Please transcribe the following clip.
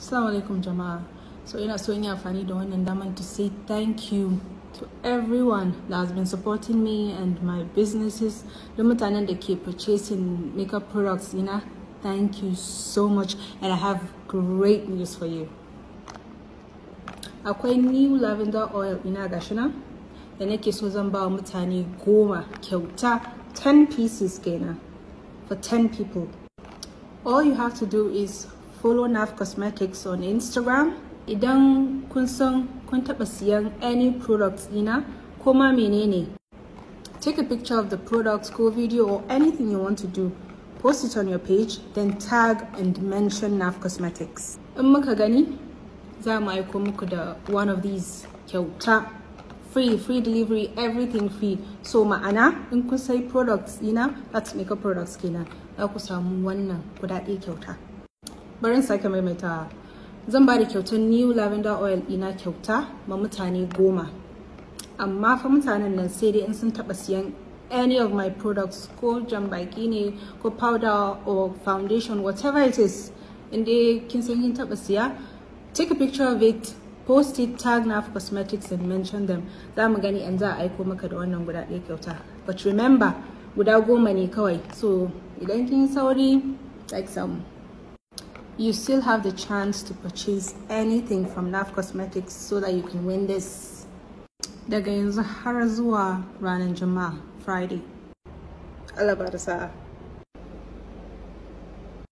Assalamu alaikum jama'a. So ina so yin amfani da wannan daman to say thank you to everyone that has been supporting me and my businesses. The mutanen da ke purchasing makeup products, you know, thank you so much and I have great news for you. Akwai new lavender oil ina gashi nan da nake so zan ba mutane goma kyauta 10 pieces kenan for 10 people. All you have to do is follow Nav Cosmetics on Instagram. Idan kun san kun taɓa siyan any products dina ko ma menene. Take a picture of the product ko video or anything you want to do. Post it on your page, then tag and mention Nav Cosmetics. In muka gani, za mu aiko muku da one of these kyauta. free free delivery everything free so ma'ana in kun sai products ina that's makeup products kenan za ku samu wannan kuɗaɗe kyauta barin sake zambari zan kyautar new lavender oil ina kyauta ma mutane goma amma fa mutanen nan sai dai in sun taba siyan any of my products ko jambaki ne ko powder or foundation whatever it is in dai kin san taba siya take a picture of it post it tag NAF cosmetics and mention them za mu gani an za a aiko maka da wannan guda ɗaya kyauta but remember guda goma ne kawai so idan kin sauri like some you still have the chance to purchase anything from NAF Cosmetics so that you can win this. Daga yanzu har zuwa ranar Juma'a, Friday. Allah ba sa'a.